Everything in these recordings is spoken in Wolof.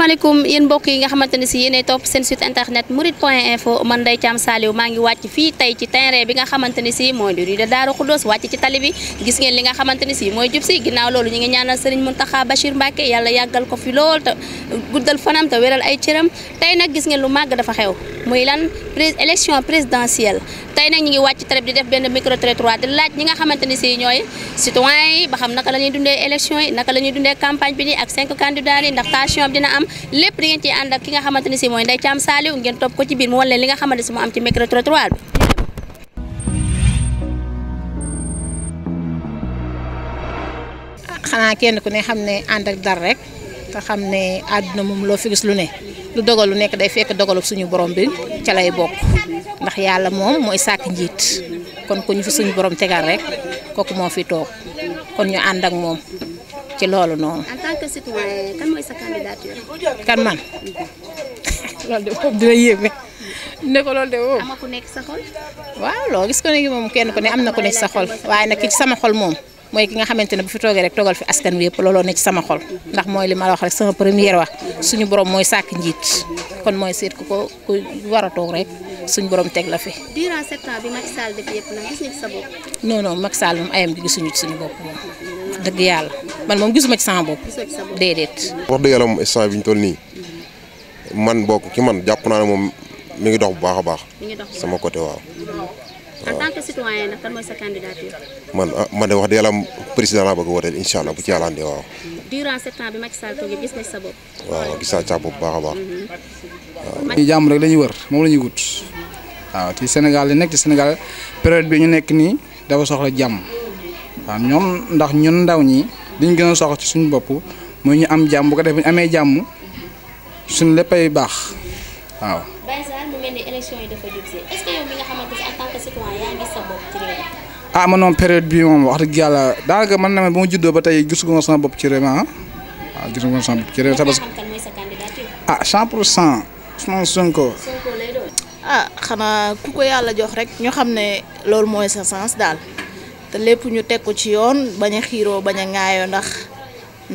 asalaamaaleykum yéen mbokk yi nga xamante ne si yéenay topp seen site internet murid point info man Ndeye Thiam Saliou maa ngi wàcc fii tey ci terrain bi nga xamante ne si mooy di rue de Darou wàcc ci tali bi gis ngeen li nga xamante ne si mooy jub si ginnaaw loolu ñu ngi ñaanal Serigne Mountakha Bachir Mbacké yàlla yàggal ko fi lool te guddal fanam te wéral ay cëram tey nag gis ngeen lu màgg dafa xew muy lan pré élection présidentielle tey nag ñi ngi wàcc treb di def benn micro trottoir laaj ñi nga xamante ni si ñooy citoyens yi ba xam naka la dundee élection yi naka la dundee campagne bi nii ak cinq candidats yi ndax tension bi dina am lépp di ngeen ciy ànd ak ki nga xamante ni si mooy Ndeye Thiam Saliou ngeen topp ko ci biir mu wan leen li nga xamante si moo am ci micro bi ah, kenn ku ne xam ne ànd ak dara rek ta xam aduna mom lo fi gis lu ne lu dogal lu nek day fekk dogalu suñu borom bi ci lay bok ndax yalla mom moy sak njit kon ku ñu fi suñu borom tegal rek koku mo fi tok kon ñu and ak mom ci lolu non en tant que citoyen kan moy sa candidature. kan man lolu de pop dina yéeme ne ko lolu de wo amako nek sa xol. waaw lo gis ko ne mom kenn ko ne amna ko nek sa xol waye nak ci sama xol mom mooy ki nga xamante ne bu fi toogee rek toogal fi askan wi yëpp looloo ne sama xol ndax mooy li ma wax rek sama première wax suñu borom mooy sàkk njiit kon mooy seet ku ko ku war a toog rek suñu borom teg la fi. durant sept ans bi Macky Sall def moom ayam gi gisuñu suñu bopp moom dëgg yàlla man moom gisuma ci sama bopp déedéet. wax dëgg yàlla moom bi ñu toll nii man bokk ki man jàpp naa ne moom mu ngi dox bu baax a baax. sama côté waaw. en tant que citoyen nag kan mooy sa candidature. man ah, man wax dëgg yàlla président laa bëgg a wooteel bu ci yàlla andee waaw. durant sept ans bi Macky Sall toogee gis nañ rek la wër moom waaw ci Sénégal li ci Sénégal période bi ñu dafa soxla waaw ndax ñun ndaw ñi am jàmm bu ko ñu suñu baax waaw. leen ni élection ah man moom période bi moom wax dëgg yàlla daanaka man na ma ba ma juddoo ba tey gisu ma sama bopp ci réew mi ah. ma ci réew mi. parce que kan ah Sonko. Sonko ah, xanaa ku ko yàlla jox rek ñu xam ne loolu mooy sa sens daal te lépp ñu teg ko ci yoon bañ a xiiroo bañ a ŋaayoo ndax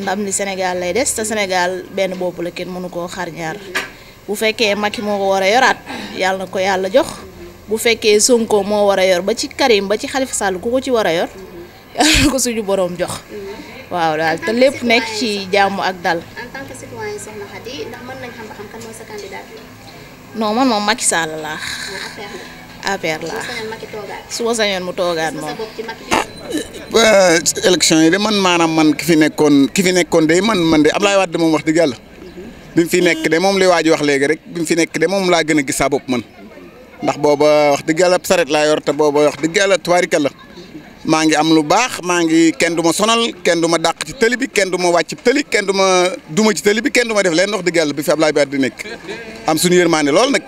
ndam li Sénégal lay des te Sénégal benn boobu la kenn mënu koo xar bu fekke Macky mo ko war a yalla yàlla na ko yàlla jox bu fekke Sonko mo wara yor ba ci Karim ba ci Khalifa Sall ku ko ci wara yor yalla na ko suñu borom jox waaw dal te lepp nek ci jàmm ak dal. en tant que citoyen soxna hadi ndax man nañ xam xam kan mo sa candidat. non man mom Macky Sall laa. APR la su ma sañoon mu toogaat ba election yi de man manam man ki fi nekkon ki fi nekkon de man man de Ablaye wad mom wax dëgg bim fi nek de mom li waji wax legi rek bim fi nek de mom la gëna gis sa bop man ndax booba wax deug yalla saret la yor te booba wax deug yalla tubaarika la ma ngi am lu bax ma ngi kenn duma sonal kenn duma ma ci tëli bi kenn duma wacc wàcc tëli kenn du duma ci tëli bi kenn duma def len wax deug yalla bi fi ablay bi di nek am suñu yermane lool nak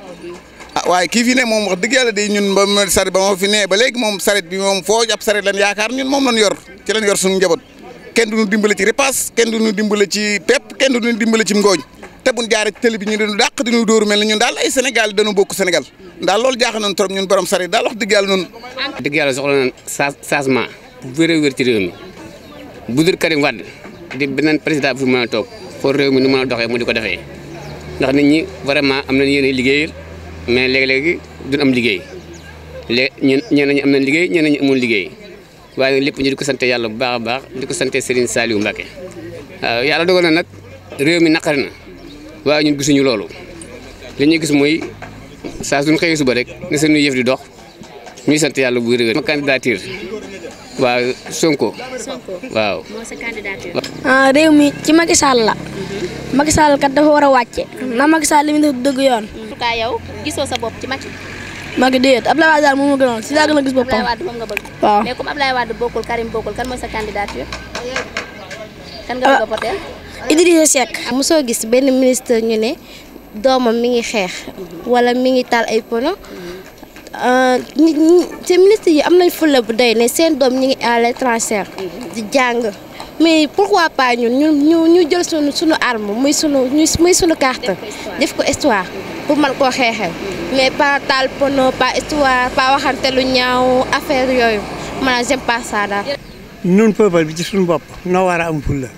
ah ki fi ne mom wax deug yalla day ñun ba ma saret ba ma fi ne ba legi mom saret bi mom fo ab saret lan yaakar ñun mom lan yor ci lan yor suñu njabot kenn du ñu ci repass kenn du ñu ci pep kenn du ñu ci te buñ jaaree ci télé bi ñu dinu dàq diñu dóoru mel ni ñun daal ay Sénégal yi bokk Sénégal daal loolu jaax nañu trop ñun borom sare daal wax dëgg yàlla noonu dëgg yàlla soxla nañ changement bu wér a réew mi bu dul Karim Wade di beneen président bu fi a toog pour réew mi nu mën a doxee mu di ko defee ndax nit ñi vraiment am nañ yéene liggéeyal mais léegi-léegi duñ am liggéey léegi ñun ñeneen ñi am nañ liggéey ñeneen ñi amul liggéey waaye nag lépp ñu di ko sant yàlla bu baax a baax di ko sant Serigne Saliou Mbacké yàlla dogal nag réew mi naqari waaye ñun gisunu lolu li gis mooy sa suñu xëyee suba rek ne suñu yef di dox ñu sant yalla bu reugal ma candidature wa Sonko. waaw. mo sa candidature. ah rew mi ci Macky Sall la. Macky Sall kat dafa wara wacce na Macky Sall limi mu def yoon. en yow gisoo sa bop ci Macky. Macky deet Abdoulaye Wade mo mo moo ci si laa gis boppam. Abdoulaye Wade moom nga bëgg. waaw mais comme Abdoulaye Wade bokul Karim bokul kan mooy sa candidature. kan nga bëgg ah. voter. Idrissa Seck mosoo gis benn ministre ñu ne doomam mi ngi xeex wala mi ngi taal ay pono euh, nit ñi ministre yi am nañ fulla bu doy ne seen doom ñi ngi à l'étranger di jàng mais pourquoi pas ñun ñu ñu ñu jël suñu suñu arme muy suñu muy suñu kart def ko histoire pour man koo xeexel mais pas taal pono pas histoire pas waxante ñaaw affaire yooyu maanaam j'aime pas daal. ñun peuple bi ci suñu bopp noo war a am fulla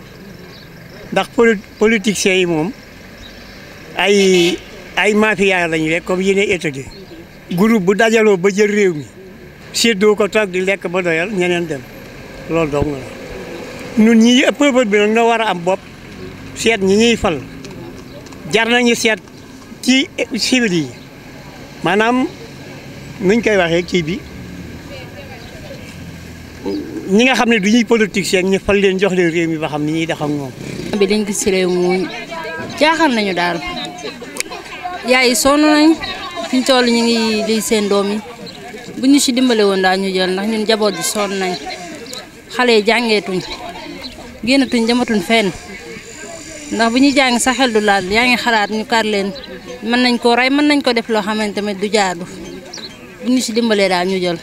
ndax poli politiciens yi moom ay ay mafia lañu rek comme yeneen état yi groupe bu dajaloo ba jël réew mi séddoo ko toog di lekk ba doyal ñeneen dem loolu dong la ñun ñi peuple bi nag ñoo war a am bopp seet ñi ñuy fal jar nañu seet ci civil yi maanaam nuñ koy waxee kii bi. ñi nga xam ne du ñuy politique ñu fal leen jox leen réew mi ba xam ni ñuy def ak moom. bi lañ gis ci réew mi jaaxal nañu daal yaay yi sonn nañ fi ñu ñu ngi liy seen doom yi bu ñu ci dimbale woon daal ñu jël ndax ñun jaboot ji sonn nañ xale yi jàngeetuñ génnatuñ jamatuñ fenn ndax bu ñuy jàng sa xel du yaa ngi xalaat ñu kar leen mën nañ ko rey mën nañ ko def loo xamante ne du jaadu bu ñu ci dimbalee daal ñu jël.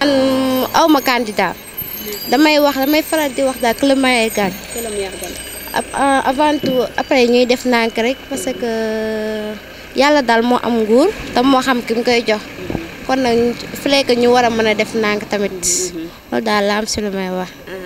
man aw ma candidat damay wax damay faral di wax daal que le meilleur gagne. Euh, avant tout après ñuy def nànk rek parce que yàlla daal moo am nguur te moo xam ki mu koy jox kon nag fii ñu war a mën a def nànk tamit mm-hmm. loolu daal la am si lu may wax. Mm-hmm.